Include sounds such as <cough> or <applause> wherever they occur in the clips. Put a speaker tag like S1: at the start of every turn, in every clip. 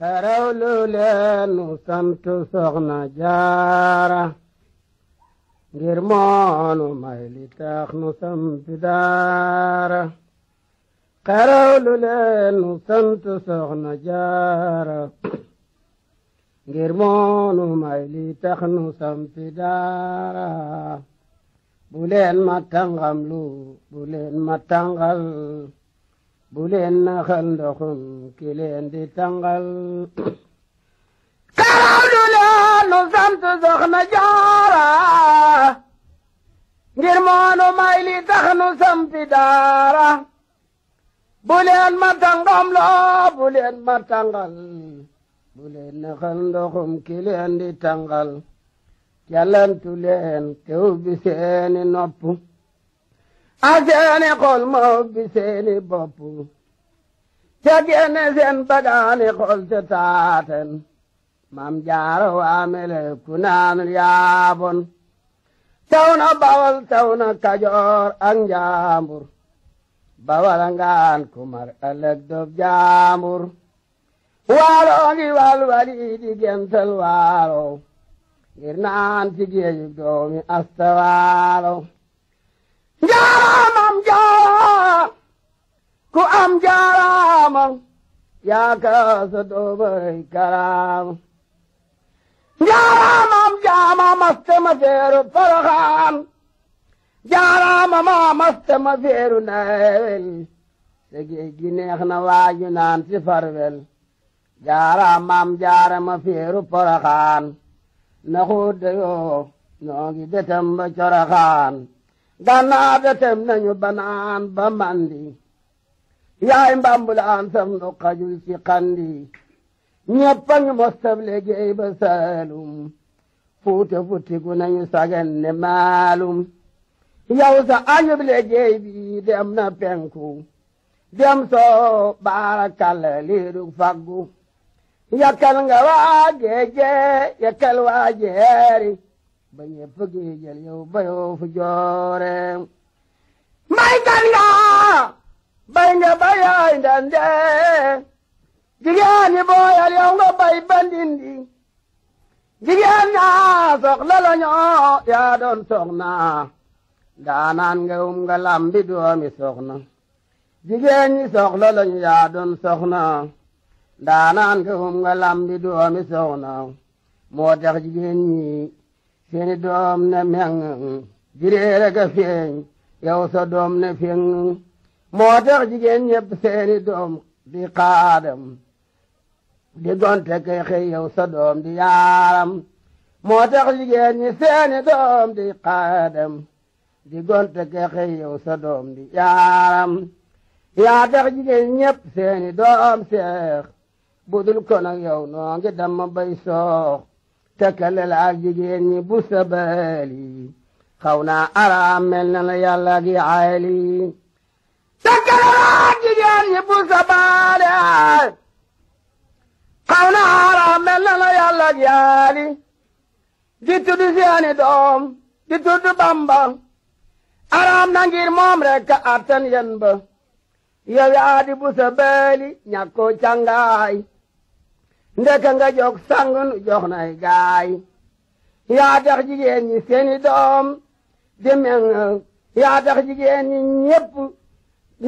S1: tarawlu leenu sant soxna jaara ngir moonu may li tax nu sampi daara tarawlu leenu sant soxna jaara ngir moonu may li tax nu sampi bu leen ma tàngamlu bu leen ma tàngal bu leen naxal ndoxum ki leen di tàngal <coughs> karaw du leen nu sant soxna jaara ngir moonu may tax nu sampi daara bu ma tàngam loo bu ma tàngal bu leen naxal ndoxum ki di tàngal jalantu leen tew bi seeni ak seeni xol ma ubbi seeni bopp ca génne seen bagaani xol te taaten mam jaaro waamele ku naan yaabon taw na bawal taw na kajoor ak njaambur bawal ngaan ku mar ëllëg dob jaambur waaloo ngi wal wali gental waalo ngir naan ci géeju doomi asta waalo jaamam jaaraam ku am jaaraama yaa kaasa doobay karaama jaaraamam jaama maste ma seeru poroxaan jaaraama ma maste ma seeru neewel te géej gi neex na waaju naan ci farwel jaaraamam jaara ma seeru poroxaan na xuut de yoo noo ngi detam ba coroxaan gànnaar de tem nañu banaan ba mandi yaay mbambulaan sam nu xajul ci xandi ñëpp a ngi mostab liggéey ba saalum fuute futtiku nañu sagen ne maalum yow sa añub liggéey bi dem na penku dem soo baara kàlla liirug faggu yakkal nga waa jeejee yakkal waa jeeri ba ñëpp gi jël yow bayoo fu joore may ganga bay nga bayaay ndande jigéen ñi booyal yow nga bay bandindi jigéen ña soxla ñoo yaa doon soxna daanaan nga um nga lambi doomi soxna jigéen ñi soxla la yaa doon soxna daanaan nga um nga lambi doomi soxna moo tax jigéen ñi seeni doom ne meŋ jiree rek feeñ yow sa doom ne feŋ moo tax jigéen ñépp seeni doom di xaadam di gonte kay xëy yow sa doom di yaaram moo tax jigéen ñi seeni doom di xaadam di gonte kay xëy yow sa doom di yaaram yaa tax jigéen ñépp seeni doom seex budul ko nag yow noo ngi dama bay soox tëkkalel ak jigéen ñi bu sabali xaw naa araam mel na la yàlla gi xayli tëkkalel ak jigéen ñi bu sabali xaw naa araam mel na la gi xayli di tudd seeni doom di tudd bamba araam na moom rek ka attan ba yow yaa bu sabali ñàkkoo cangaay ndeka nga jóg sang nu jox nay gaay yaa jigéen ñi seeni doom di mel yaa jigéen ñi ñépp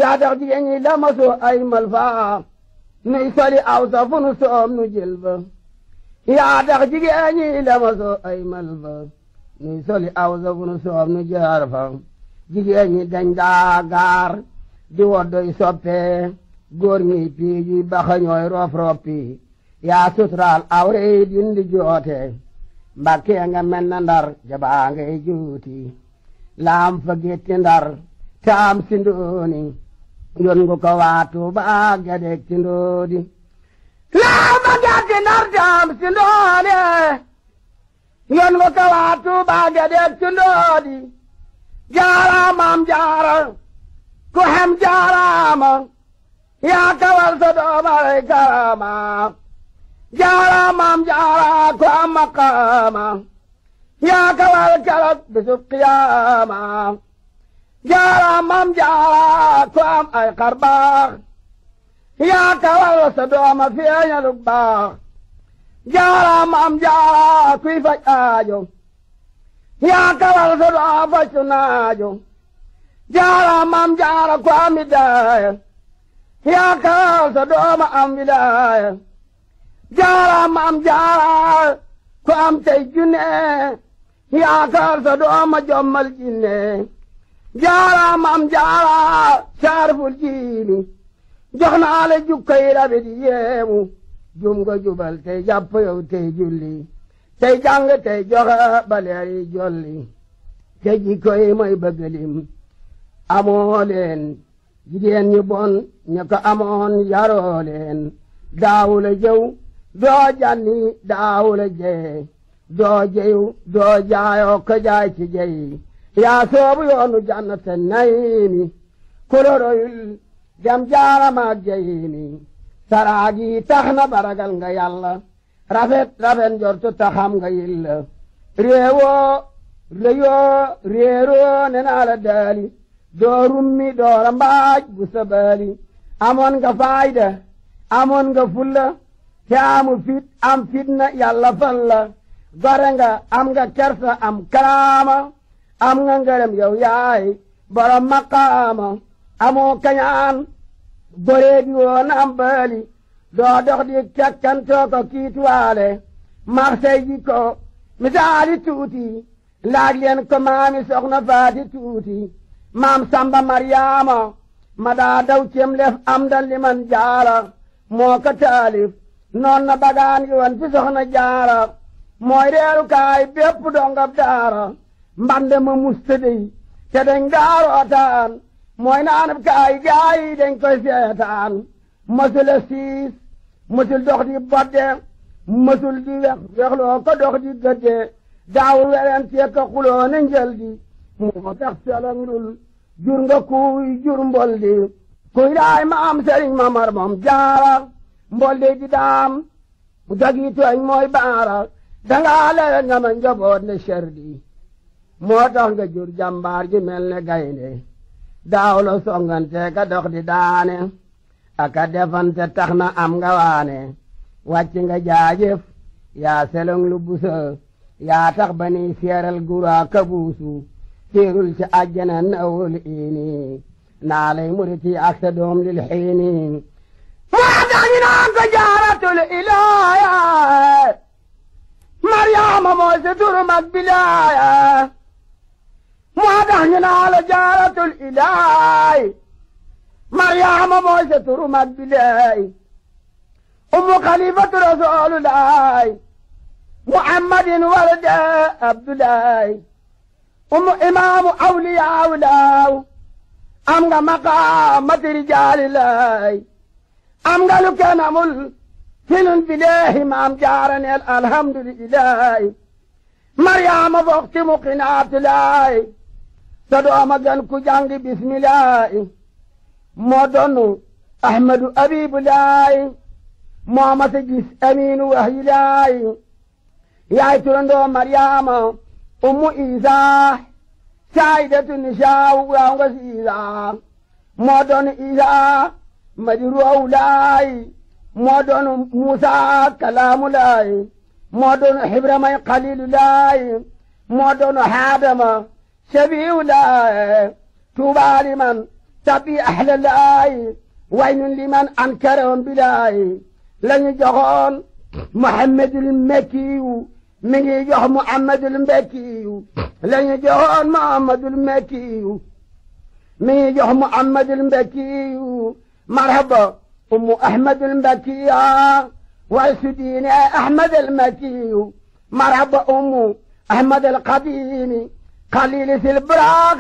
S1: yaa jigéen ñi lamasu ay malfa nuy soli aw sa fu soom nu jël ba yaa jigéen ñi lamasu ay malfa nuy soli aw sa soom nu jaar fa jigéen ñi dañ daa di woddoy soppe góor ñi pii ji baxa ñooy roof roppi yaa suturaal awre dindi joote mbakke nga mel na ndar jabaa ngay juuti laam fa gétti ndar te si ndooni yoon ngu ko waa Tuuba gadeg si laam fa gétti ndar te si ndooni yoon ngu ko waa Tuuba gadeg si jaaraamam jaara ku xem jaaraama yaa kawal sa doomaray karama jaara maam jaara am maqaama yaa ka wal keroog bisub qiyaama jaara maam jaara am ay xarbaax yaa ka wal sa dooma feeñalug baax jaara maam jaara kuy faj aajo yaa ka wal sa dooma faj naajo jaara maam jaara am widaaya yaa ka wal sa dooma am widaaya jaara maam jaara ku am tey junne yaakaar sa dooma jommal jinne jaara maam jaara saarful jiili jox naa la jukkay rabit yeemu jum nga jubal tey jàpp yow tey julli tey jàng tey joxe baleer jolli te jikko yi mooy bëgg lim amoo bon ña ko amoon yaroo leen daawu doo janni daawula jey doo jeyu doo jaayoo ko jaay ci jey yaa soobu yoonu jannata nayni koloroyul jam jaaramaak jeyini saraagi tax na baragal nga yàlla rafet rafet njortu taxam nga yilla réewoo réyoo réeroo ne naa doo rummi doora mbaaj bu sabaali amoon nga faayda amoon nga fulla te amu fit am fitna yàlla fan la am nga kersa am karaama am nga ngërëm yow yaay borom maqaama amoo kañaan goree woon am bëli doo dox di cakkantoo kiituwaale marché ji ko misaali tuuti laaj leen ko maami soxna faati tuuti maam samba maryaama ma daa daw cem lef am da liman jaara moo ko taalif noon na bagaan gi woon ci soxna jaara mooy reerukaay bépp dongab daara mbande ma mustadey te dañ daarootaan mooy naanab kaay gaa yi dañ koy seetaan mësul a siis mësul dox di bodde mësul di wex wexloo ko dox di gëdde daawul werante ka xuloo na di moo tax selangul jur nga kuuy jur mbol di kuy daay maam sëriñ mamar moom jaara mbool dey di daam bu dagi tooñ mooy baara dangaa lewe nga ma njaboot ne cher di moo tax nga jur jàmbaar ji mel ne gaynde daaw la songante ka dox di daane aka defante tax na am nga waane wàcc nga jaajëf yaa selong lu busa yaa tax ba ni seeral guraa kabuusu siirul ci àjjana nawul iini naa lay muriti ak sa doom lil xiini gaañi naan ko jaaratul ilaaya maryaama mooy si turu mag bilaaya moo tax ñu naa la jaaratul ilaay maryaama mooy si turu mag bilaay ummu xalifatu rasulullaay muhammadin walde abdulaay umu imaamu awliyaaw laaw am nga maqaamati rijaalilaay am nga lu kenn amul bileehi maam jaaraneel alhamdulilahi maryaama fox ci muqinaatulaayi sa dooma gën ku jàngi bismilaayi moo donnu ahmadu abibulaayi moo ma sa gis amiinu wahyulaayi yaay turandoo maryaama ummu isaa saayidatu nisaaw waaw nga si isaa moo donnu isaa majru awlaay moo doon Muusa kalaamulaay moo doon xibramay xalilulaay moo doon xaadama shabiulaay tuubaa liman tabi ahlalaay waynun liman ankaroon bilaay lañu joxoon Muhammadul Mekkiyu mi ngi jox Muhammadul Mekkiyu lañu joxoon Muhammadul Mekkiyu mi ngi jox Muhammadul Mekkiyu مرحبا أم أحمد المكية وعز دين أحمد المكي مرحبا أم أحمد القديم قليل في البراغ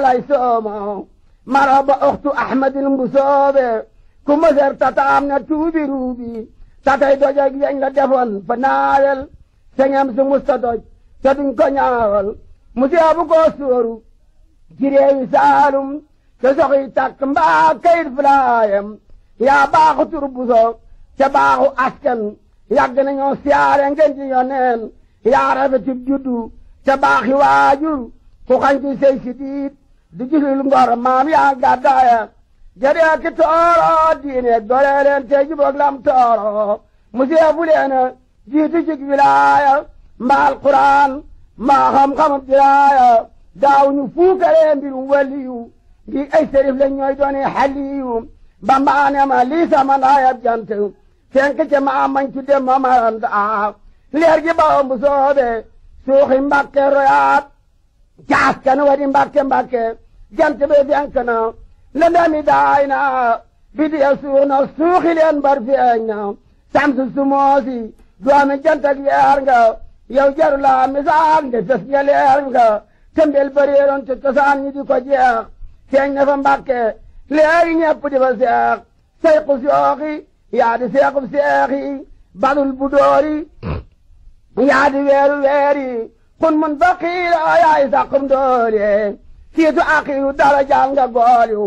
S1: لا يسومه مرحبا أخت أحمد المصاب كما زرت تعامنا توبي روبي tatay dojak yañ la defoon fa naayal sañam su musta doj te duñ ko ñaawal mu seebu koo sóoru ci réewi saalum te soxi tàkk mbaa kayit fulaayam yaa baaxu tur buso ca baaxu askan yàgg nañoo siyaare ngeen ci yoneen yaa rafetub juddu ca baaxi waajur ku xañ ci si diit di gisul ngor maam yaa gàddaaya jëree ki tooroo diine dolee te juboog lam tooroo mu seefu leena jiitu cig wilaaya mbaal quraan mbaa xam-xamub dilaaya daaw ñu fuukaree mbirum waliyu ngi ay sërif lañ ñooy doone xaliyu bamba ma lii sama naayab jant fenk ca ma mañ tudde ma maranda leer gi bawam bu soobe suuxi mbàkke royaat jaas kan wadi mbàkke mbàkke jant be fenk na lëndami bi di suux na suuxi leen mbar feeñ na samsu sumoosi doomi jant ak leer nga yow jarula misaal nde fes nga leer nga tembel bëreeroon te ñi di ko jeex feeñ na fa mbàkke léegi ñëpp di fa seex sayqu sooxi yaa di seexub seexi balul bu doori yaa weeru weeri kun mun faqiira yaay saqum doori siitu aqiyu darajal nga gooliw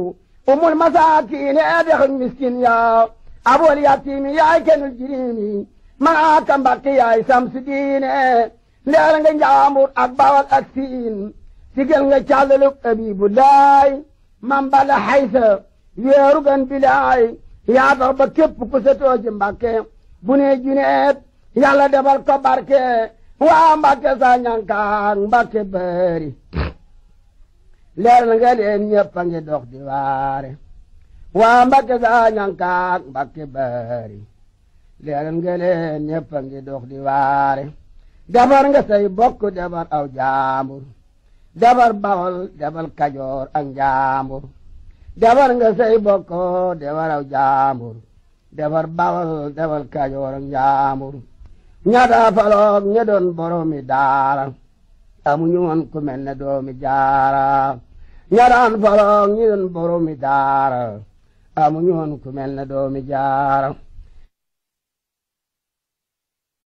S1: umul masaakiine dexul miskin yaa abol yatiimi yaay kenul jiriimi man aka mbàkke yaay samsu diine leer nga njaambur ak bawal ak siin digal nga càllalug abibu laay man bala xaysa weeru gan bilaay yaa tax ba képp ku setoo ci mbàkke bu ne juneet yàlla barke waa mbàkke sa ñankaak mbàkke bëri leer nga leen ñëpp ngi dox di waare waa mbàkke sa ñankaak mbàkke bëri leer nga leen ñëpp ngi dox di waare defar nga say bokk defar aw jaambur defar bawol defal kajoor ak njaambur defar nga say bokkoo defar aw jaambur defar bawol defal kajoor ak njaambur ñaata faloog ña doon boromi daara amuñu woon ku mel ne doomi jaara ñataan faloog ñi doon boromi daara amuñu woon ku mel doomi jaara